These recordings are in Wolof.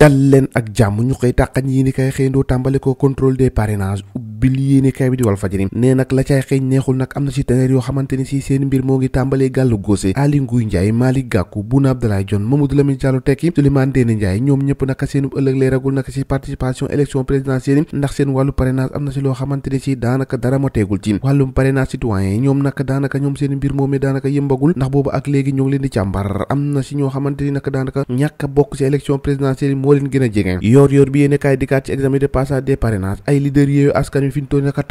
dal leen ak jàmm ñu koy tàqañ yéeni kaay xëy ndoo tàmbale ko contrôle des parrainages ubbil yéeni kaay bi di wal nee nag la caay xëy neexul naka am na ci loo xamante si daanaka dara ma teegul ci wàllum parrainage citoyen ñoom naka daanaka ñoom seen ci ñoo xamante ni a bokk ci moo leen gën a jege yoor yoor bi yéen kaay dikkaat ci examen de passage des parrainages ay leaders yeeyu askan wi fi ñu naka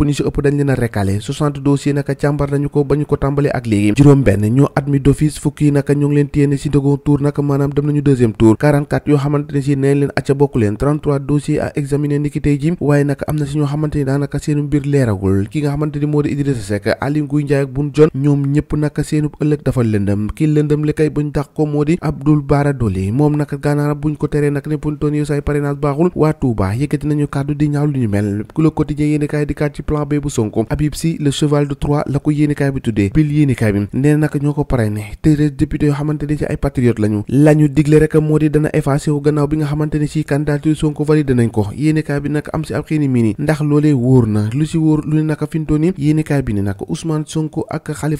taxaw a récalé 60 dossiers naka càmbar nañu ko ba ñu ko tàmbalee ak léegi juróom benn ñoo admis d'office fukk yi naka ñoo leen téyene si second tour naka maanaam dem nañu deuxième tour 44 yoo xamante si neen leen acca bokk leen 33 dossiers à examiner ni waaye naka am na si ñoo xamante daanaka seenu mbir leeragul ki nga xamante moo di ñoom ñëpp naka seenub ëllëg dafa lëndëm kii lëndëm li kay buñ dàq ko moo di Abdoul Bara Dolly moom naka gànnaara buñ ko teree nag ne buñ doon say parrainage lañu lañu digle rek moo di dana effacé wu gannaaw bi nga xamante ne ci candidature Sonko validé nañ ko yéeni bi nag am si ab xii ndax loolee wóor na lu si wóor lu ne naka fintoon yi bi ne nag Ousmane Sonko ak Khalifa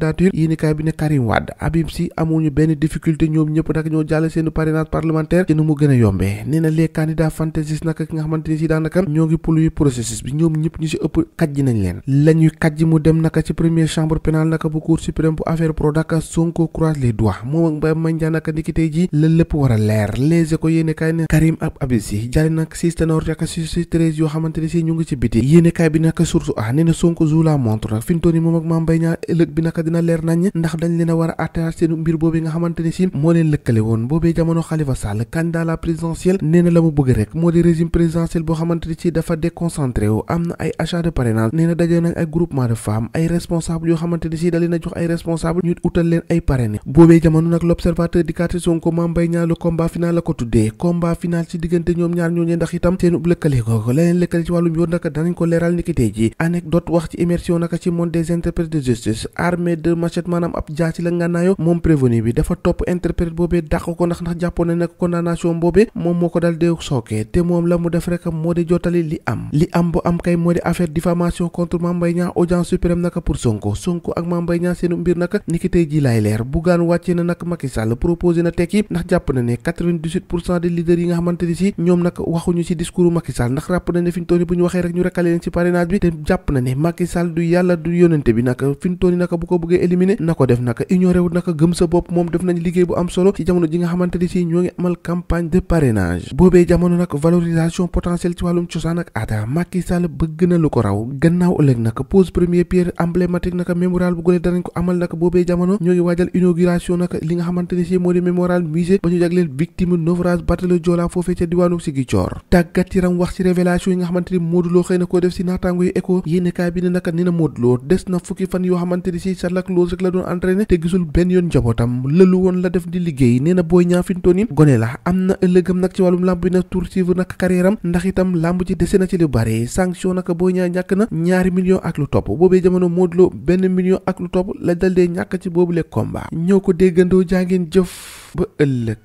candidature naka ci première chambre pénale naka bu cour suprême bu affaire Prodac Sonko croise les doigts moom ak Mbaye Mandiaye naka ni ki la lépp war a leer les échos yéenekaay ne Karim ak Habib Sy jàll nag six ténor ak six treize yoo xamante ni si ñu ngi ci biti yéenekaay bi naka source a na Sonko joue la montre nag moom ak Mame Mbaye Niang ëllëg bi naka dina leer nañ ndax dañ leen a war a seen mbir boobu nga xamante ne moo leen lëkkale woon boobee jamono Khalifa Sall candidat la présidentielle la mu bëgg rek moo di régime présidentiel boo xamante ne dafa déconcentré wu am na ay achat de parrainage nee na nañ ay groupement de femmes ay responsable yoo xamante ne si da jox ay responsable ñu utal leen ay parrain boobee jamono nag l'observateur di kaati Sonko Mame ko tuddee combat armée de machette maanaam ab jaasi la ngànnaayoo moom prévenu bi dafa topp interprète boobee dàq ko ndax ndax jàppoon na nekk condamnation boobee moom moo ko dal dee sookee te moom la mu def rek moo di jottali li am li am bu am kay moo di affaire diffamation contre Mame Mbaye audience suprême naka pour Sonko Sonko ak Mame Mbaye seenu mbir naka niki ji laay leer Bougane wàccee na nag Macky proposé na tekki ndax jàpp na ne 98 pour yi nga xamante bëggee éliminer na ko def naka ignoré naka gëm sa bopp moom def nañ liggéey bu am solo ci jamono ji nga xamante ni ñoo ngi amal campagne de parrainage boobee jamono nag valorisation potentielle ci wàllum cosaan ak aada Macky Sall bëgg na lu ko raw gannaaw ëllëg naka pose première pierre emblématique naka mémorial bu gole danañ ko amal naka boobee jamono ñoo ngi waajal inauguration naka li nga xamante ni moo di mémorial musée ba ñu jagleel Lac Rose rek la doon entraîné te gisul benn yoon njabootam lëlu woon la def di liggéey nee na Boy Niang fintoon yi gone la am na ëllëgam nag ci wàllum làmb bi nag tour suivre nag carrière am ndax itam làmb ci dese na ci lu bare sanction naka Boy Niang ñàkk na ñaari million ak lu topp boobee jamono Modou Lo benn million ak lu topp la daldee ñàkk ci boobu le combat ñoo ko déggandoo jaa ngeen jëf ba ëllëg